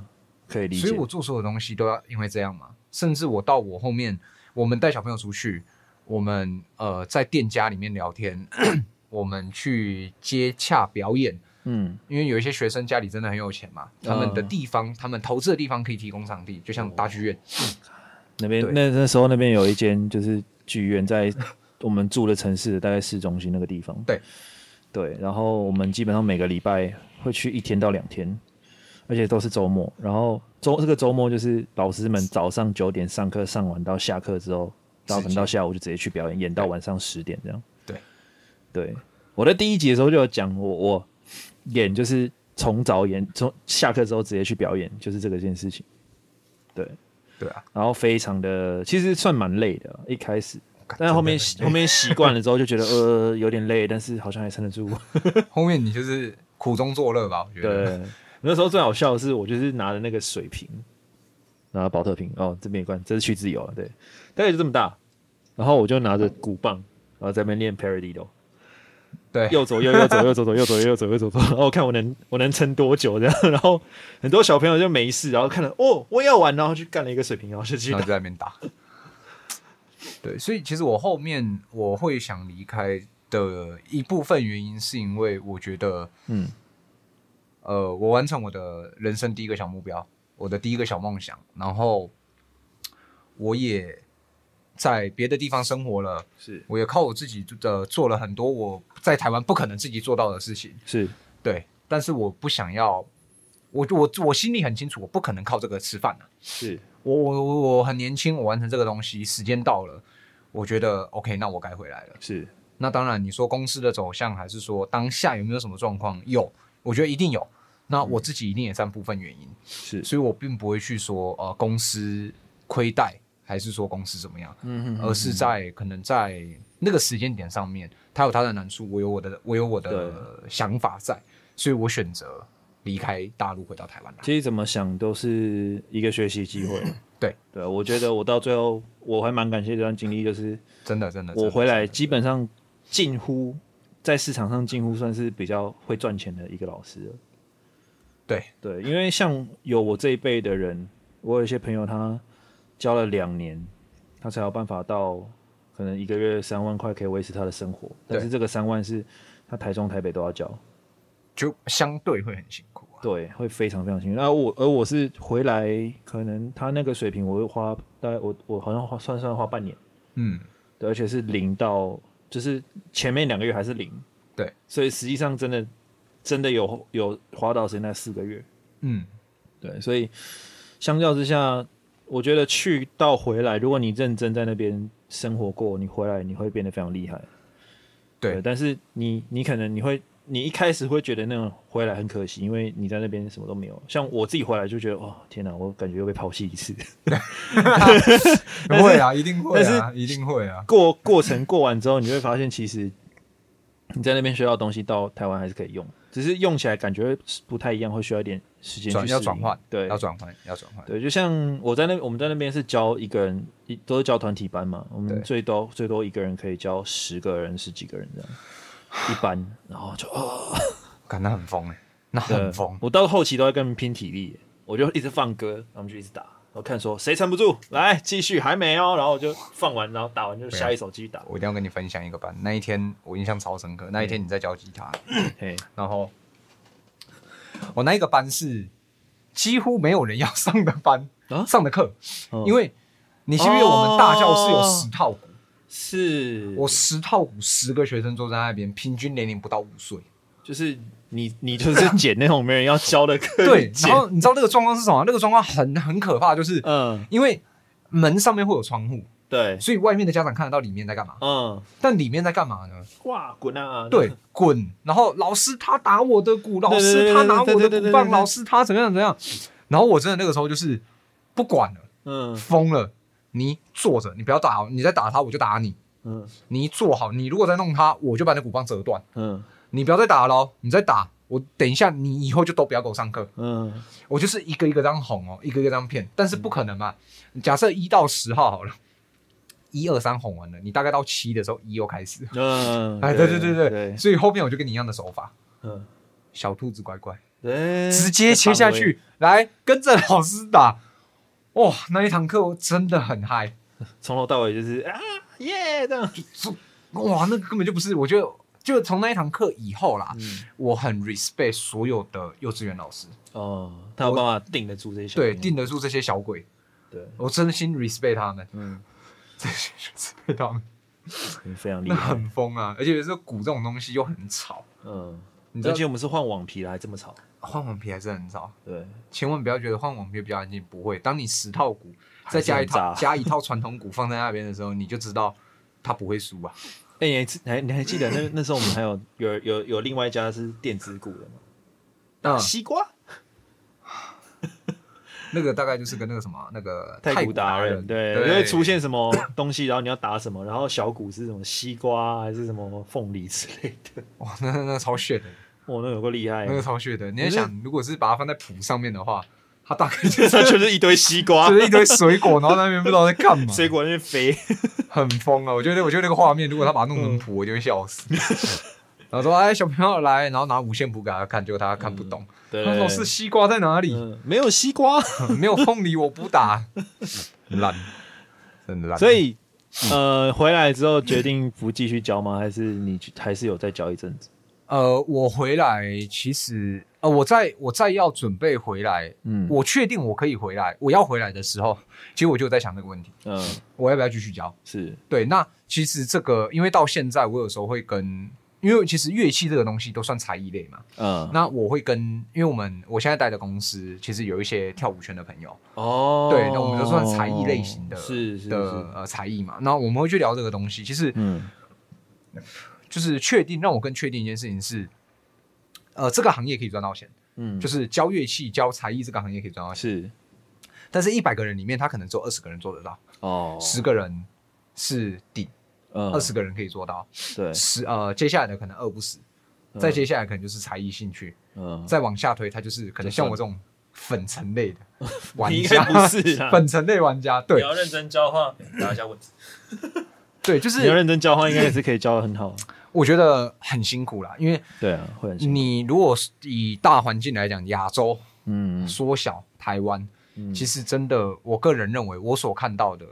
可以理解。所以我做所有東西都要因為這樣嘛。甚至我到我後面，我們帶小朋友出去，我們呃在店家裡面聊天，嗯、我們去接洽表演，嗯，因為有一些學生家裡真的很有錢嘛，他們的地方，嗯、他們投資的地方可以提供場地，就像大劇院、哦
嗯、那邊，那那時候那邊有一間就是劇院，在我們住的城市，大概市中心那個地方， [LAUGHS] 對。對，然後我們基本上每個禮拜會去一天到兩天，而且都是週末。然後週這個週末就是老師們早上九點上課，上完到下課之後，早晨到下午就直接去表演，演到晚上十點這樣。對，對，我在第一集的時候就有講我，我我演就是從早演，從下課之後直接去表演，就是這個件事情。對，對啊，然後非常的，其實算蠻累的，一開始。
但是後面後面習慣了之
後就覺得呃 [LAUGHS] 有點累，但是好像還撐得住。
[LAUGHS] 後面你就是苦中作
樂吧，我覺得。對，對，對，對，那時候最好笑的是，我就是拿着那個水瓶，拿寶特瓶哦，這邊也關這是去自由了。對，大概就這麼大，然後我就拿着鼓棒，然後在那邊練 paradiddle。
對，右左右右左右左
左右左 [LAUGHS] 右左右左左，左，左，然後看我能我能撐多久這樣。然後很多小朋友就沒事，然後看到哦我也要玩，然後去幹了一個水瓶，然後就去後就
在那邊打。對，所以其實我後面我會想離開的一部分原因，是因為我覺得，嗯，呃，我完成我的人生第一個小目標，我的第一個小夢想，然後我也在別的地方生活了，是我也靠我自己的做了很多我在台灣不可能自己做到的事情，是，對，但是我不想要。我我我心裡很清楚，我不可能靠這個吃飯了，啊。是我我我我很年輕，我完成這個東西，時間到了，我覺得 OK，那我該回來了。是，那當然你說公司的走向，還是說當下有沒有什麼狀況？有，我覺得一定有。那我自己一定也佔部分原因，嗯。是，所以我並不會去說呃公司虧待，還是說公司怎麼樣？嗯哼，嗯哼。而是在可能在那個時間點上面，他有他的難處，我有我的我有我的想法在，所以我選擇。離開大陸回到台
灣來，其實怎麼想都是一個學習機會。 [COUGHS] 對對，我覺得我到最後我還蠻感謝這段經歷，就是真的真的，我回來基本上近乎在市場上近乎算是比較會賺錢的一個老師。對對，因為像有我這一輩的人，我有一些朋友他教了兩年，他才有辦法到可能一個月三萬塊可以維持他的生活，但是這個三萬是他台中台北都要教，就相對會很辛苦。對，會非常非常幸運。而我，而我是回來，可能他那個水平，我會花大概我我好像花算算花半年，嗯，對，而且是零到，就是前面兩個月還是零，對，所以實際上真的真的有有花到時間四個月，嗯，對，所以相較之下，我覺得去到回來，如果你認真在那邊生活過，你回來你會變得非常厲害，對，對，但是你你可能你會。你一開始會覺得那種回來很可惜，因為你在那邊什麼都沒有。像我自己回來就覺得，哦，天哪，我感覺又被拋棄一次。
[LAUGHS] 但是 [LAUGHS] 不會啊，一定會啊，啊一定會
啊。過過程過完之後，你會發現，其實你在那邊學到東西，到台灣還是可以用，只是用起來感覺不太一樣，會需要一點時間去轉換。對，要轉換，要轉換。對，就像我在那邊，我們在那邊是教一個人，一都是教團體班嘛。我們最多最多一個人可以教十個人，十幾個人這樣。一般，然後就啊，
感覺很瘋哎，那很
瘋。我到後期都在跟拼體力，我就一直放歌，然後就一直打，我看說誰撐不住，來繼續，還沒哦，然後我就放完，然後打完就下一首繼續
打。我一定要跟你分享一個班，嗯、那一天我印象超深刻，嗯。那一天你在教吉他，嗯、然後、嗯、我那一個班是幾乎沒有人要上的班，啊、上的課、嗯，因為你是因為我們大教室有十套。哦是我十套五十個學生坐在那邊，平均年齡不到五歲，就是你，你就是撿那種沒人要教的課， [LAUGHS] 對。然後你知道那個狀況是什麼、啊？那個狀況很很可怕，就是嗯，因為門上面會有窗戶，對、嗯，所以外面的家長看得到裡面在幹嘛，嗯。但裡面在幹嘛呢？哇，滾啊！對，滾。然後老師他打我的鼓，老師他拿我的鼓棒，對對對對對對對對老師他怎麼樣怎麼樣。然後我真的那個時候就是不管了，嗯，瘋了。你坐着，你不要打，你再打他，我就打你。嗯、你坐好，你如果再弄他，我就把那鼓棒折斷、嗯。你不要再打了、哦，你再打，我等一下，你以後就都不要給我上課。嗯、我就是一個一個這樣哄哦，一個一個這樣騙，但是不可能嘛、啊嗯。假設一到十號好了，一二三哄完了，你大概到七的時候，一又開始。嗯。對、 [LAUGHS] 哎、對對對。所以後面我就跟你一樣的手法。嗯、小兔子乖乖，直接切下去，來跟着老師打。哇、哦，那一堂課我真的很嗨，從頭到尾就是啊耶、yeah, 這樣， [LAUGHS] 哇，那根本就不是。我覺得，就從那一堂課以後啦、嗯，我很 respect 所有的幼稚園老師哦，他有辦法定得住這些小對，定得住這些小鬼，對我真心 respect 他們，嗯，真心 respect 他們，非常厲害，很瘋啊，而且是鼓這種東西又很吵，嗯。你知道，而且我們是換網皮了，還這麼吵？換網皮還是很吵。對，千萬不要覺得換網皮比較安靜，不會。當你十套鼓再加一套加一套傳統鼓放在那邊的時候， [LAUGHS] 你就知道它不會輸啊。哎、欸，你還記得那
那時候我們還有 [COUGHS] 有有有另外一家是電子鼓的嗎、嗯？
西瓜？ [LAUGHS] 那個大概就是跟那個什麼那個太鼓達人，太鼓達人對，因為出
現什麼東西， [COUGHS] 然後你要打什麼，然後小鼓是什麼西瓜還是什麼鳳梨之類的？哇，那那超炫的！我、哦，那有夠厲害，啊，那個超炫的。你在想，
如果是把它放在譜上面的話，它大概就是， [LAUGHS] 是一堆西瓜， [LAUGHS] 就是一堆水果，然後那邊不知道在幹嘛，水果那邊飛， [LAUGHS] 很瘋啊！我覺得，我覺得那個畫面，如果他把它弄成譜，嗯，我就會笑死。 [LAUGHS] 然後說：“哎、欸，小朋友來，然後拿五線譜給他看，結果他看不懂，他、嗯、說是西瓜在哪裡？嗯，沒有西瓜， [LAUGHS] 嗯，沒有鳳梨，我不打，
很 [LAUGHS] 爛，真爛。所以、嗯，呃，回來之後決定不繼續教嗎？ [LAUGHS] 還是你還是有再教一陣子？”
呃，我回來，其實呃，我在我在要準備回來，嗯，我確定我可以回來，我要回來的時候，其實我就在想這個問題，嗯，我要不要繼續教？是對。那其實這個，因為到現在，我有時候會跟，因為其實樂器這個東西都算才藝類嘛，嗯，那我會跟，因為我們我現在待的公司其實有一些跳舞圈的朋友，哦，對，那我們都算才藝類型的，哦、的是的是是，呃，才藝嘛，那我們會去聊這個東西，其實，嗯。就是確定讓我更確定一件事情是，呃，這個行業可以賺到錢，嗯，就是教樂器、教才藝這個行業可以賺到錢，是，但是一百個人裡面，他可能只有二十個人做得到，哦，十個人是頂、嗯，二十個人可以做到，對，十呃，接下來的可能餓不死、嗯，再接下來可能就是才藝興趣，嗯，再往下推，他就是可能像我這種粉塵類的玩家，應該不是 [LAUGHS] 粉塵類玩家，對，你要認真教的
話 [LAUGHS] 答一下問題，
對，就是你要認真教的話應該也是可以教的很好。我覺得很辛苦啦，因為對啊，會，你如果是以大環境來講，亞洲嗯縮小台灣、嗯，其實真的，我個人認為，我所看到的，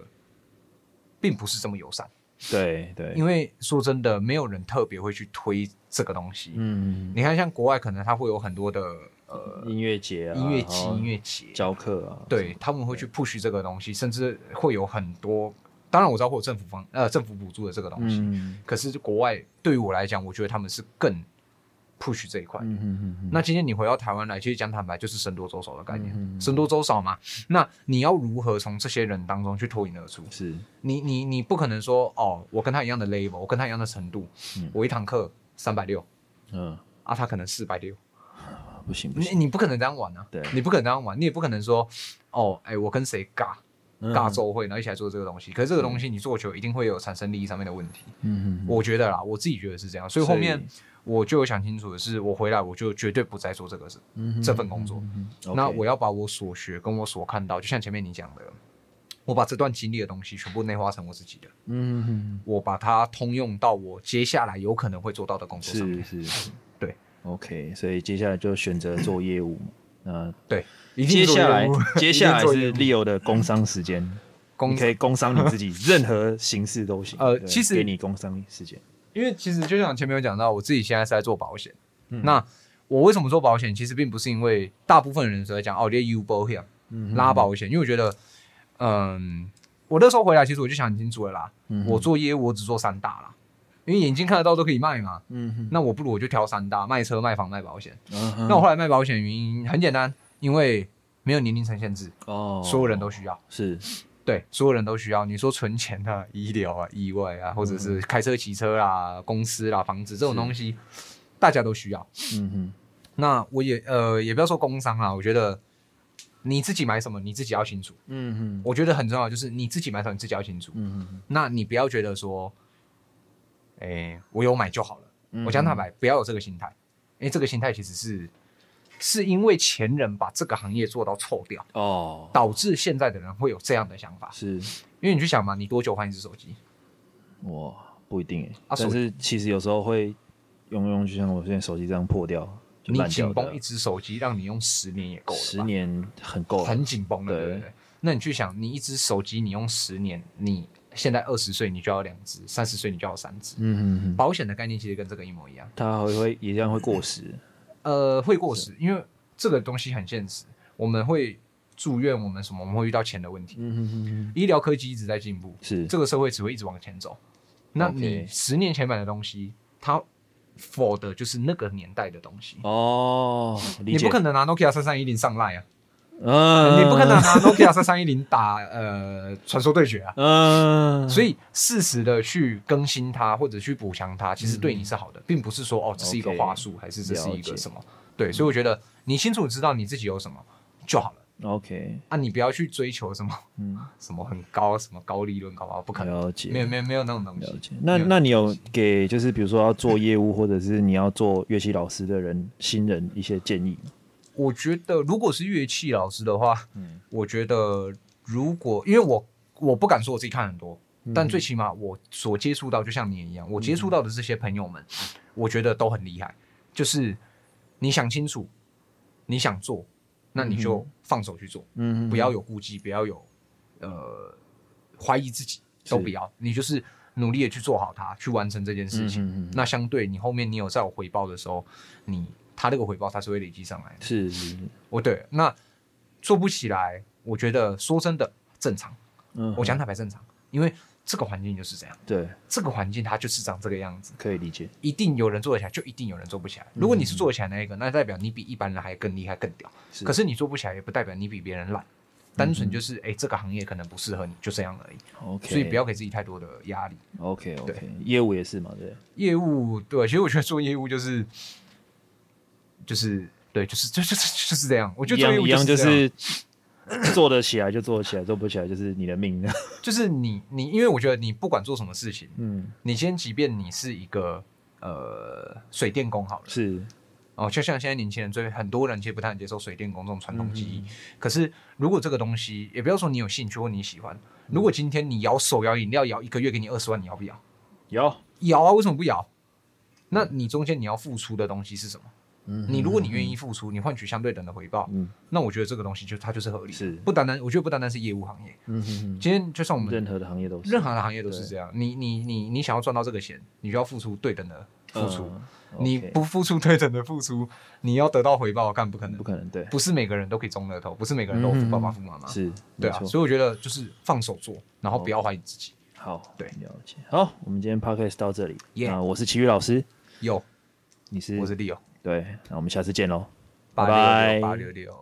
並不是這麼友善。對對，因為說真的，沒有人特別會去推這個東西。嗯，你看像國外，可能它會有很多的、嗯、呃音樂節、音樂節、啊、音樂節教課啊，對他們會去 push 這個東西，甚至會有很多。當然我知道會有政府方呃政府補助的這個東西、嗯，可是國外對於我來講，我覺得他們是更 push 這一塊、嗯嗯嗯。那今天你回到台灣來，其實講坦白，就是“僧多粥少”的概念，“僧、嗯嗯、多粥少嘛”嘛。那你要如何從這些人當中去脫穎而出？是，你你你不可能說哦，我跟他一樣的 level，我跟他一樣的程度，嗯、我一堂課三百六，嗯，啊，他可能四百六，不行不行，你你不可能這樣玩啊，對，你不可能這樣玩，你也不可能說哦，哎、欸，我跟誰尬？大、嗯、洲會，然後一起來做這個東西。可是這個東西你做久，一定會有產生利益上面的問題。嗯哼哼，我覺得啦，我自己覺得是這樣。所以後面我就有想清楚的是，是我回來我就絕對不再做這個事、嗯，這份工作、嗯哼嗯哼。那我要把我所學跟我所看到，就像前面你講的，我把這段經歷的東西全部內化成我自己的。嗯哼，我把它通用到我接下來有可能會做到的工作上
面。是是是，對。OK，所以接下來就選擇做業務。嗯， [COUGHS] 對。接下來，接下來是 Leo 的工商時間，你可以工商你自己，任何形式都行。呃，其實給你工商時間，
因為其實就像前面有講到，我自己現在是在做保險、嗯。那我為什麼做保險？其實並不是因為大部分人是在講、嗯、哦，你業務不好，拉保險。因為我覺得，嗯，我那時候回來，其實我就想清楚了啦。嗯、我做業務，我只做三大啦，因為眼睛看得到都可以賣嘛。嗯哼，那我不如我就挑三大，賣車、賣房、賣保險、嗯嗯。那我後來賣保險原因很簡單。.因為沒有年齡層限制哦，oh, 所有人都需要，是，對，所有人都需要。你說存錢的、醫療啊、意外啊，mm -hmm. 或者是開車、騎車啦、啊、公司啦、啊、房子這種東西，大家都需要。嗯
哼，
那我也呃，也不要說工傷啊，我覺得你自己買什麼，你自己要清楚。嗯哼，我覺得很重要，就是你自己買什麼，你自己要清楚。嗯哼，那你不要覺得說，哎、欸，我有買就好了，mm -hmm. 我將它買，不要有這個心態，因為這個心態其實是。是因為前人把這個行業做到臭掉哦，導致現在的人會有這樣的想法。是，因為你去想嘛，你多久換一只手機？
哇，不一定哎、啊。但是其實有時候會用用，就像我現在手機這樣破掉，
掉你緊繃
一只手機
讓你用十年也夠，十年很夠，很緊繃的，對，對不對？那你去想，你一只手機你用十年，你現在二十歲你就要兩只，三十歲你就要三只。
嗯嗯保
險的概念其實跟這個一模一樣，
它會會也這樣會過時。嗯
呃，會過時，因為這個東西很現實。我們會住院我們什麼？我們會遇到錢的問題。嗯、哼哼。醫療科技一直在進步，是這個社會只會一直往前走。那你十年前買的東西，它 for 的就是那個年代的東西哦。你不可能拿 Nokia 三三一零上 line 啊。
嗯、uh，你不可
能拿 Nokia 3310打呃傳說對決啊，嗯、uh，所以適時的去更新它，或者去補強它，其實對你是好的，嗯、並不是說哦這是一個話術、okay, 還是這是一個什麼？對，所以我覺得、嗯、你清楚知道你自己有什麼就好了。OK，那、啊、你不要去追求什麼嗯什麼很高什麼高利潤，好不好？不可能，沒有沒有沒有，沒有那種東西。那
那，西那你有給就是比如說要做業務 [LAUGHS] 或者是你要做樂器老師的人新人一些建議嗎？
我覺得，如果是樂器老師的話，我覺得如果因為我我不敢說我自己看很多，但最起碼我所接觸到，就像你也一樣，我接觸到的這些朋友們，我覺得都很厲害。就是你想清楚，你想做，
那你就
放手去做，不要有顧忌，不要有呃懷疑自己，都不要，你就是努力的去做好它，去完成這件事情。那相對你後面你有在我回報的時候，你。他這個回報，他是會累積上來的。是是是，我對，那做不起來，我覺得說真的正常。嗯，我想坦白正常，因為這個環境就是這樣。對，這個環境它就是長這個樣子，可以理解。一定有人做得起來，就一定有人做不起來。嗯、如果你是做起來那一個，那代表你比一般人還更厲害、更屌。是，可是你做不起來，也不代表你比別人爛、嗯。單純就是，哎、欸，這個行業可能不適合你，就這樣而已、嗯。所以不要給自己太多的壓力。OK OK，對業務也是嘛，對。業務對，其實我覺得做業務就是。就是對，就是就是、就
是、就是這樣。我覺得也一樣就是，就是樣，做得起來就做得起來， [COUGHS] 做不起來就是你的
命。就是你你，因為我覺得你不管做什麼事情，嗯，你先，即便你是一個呃水電工好了，是哦，就像現在年輕人追，所以很多人其實不太能接受水電工這種傳統技藝、嗯嗯。可是如果這個東西，也不要說你有興趣或你喜歡。嗯、如果今天你搖手搖飲料，搖一個月給你二十萬，你要不要？搖搖啊？為什麼不搖、嗯？那你中間你要付出的東西是什麼？你如果你願意付出，你換取相對等的回報，嗯，那我覺得這個東西就它就是合理。是，不單單，我覺得不單單是業務行業，嗯嗯嗯，今天就算我們任何的行業都是，任何的行業都是這樣。你你你你想要賺到這個錢，你就要付出對等的付出。嗯、你不付出對等的付出，你要得到回報根本不可能，不可能。對，不是每個人都可以中樂透，不是每個人都富爸爸富媽媽，嗯。是，對啊。所以我覺得就是放手做，然後不要懷疑自己。Okay. 好，對，了解。
好，我們今天 podcast 到這裡。耶，yeah.，我是騎慾老師，有，你是我是 Leo。對，那我們下次見嘍，
拜拜，八六六。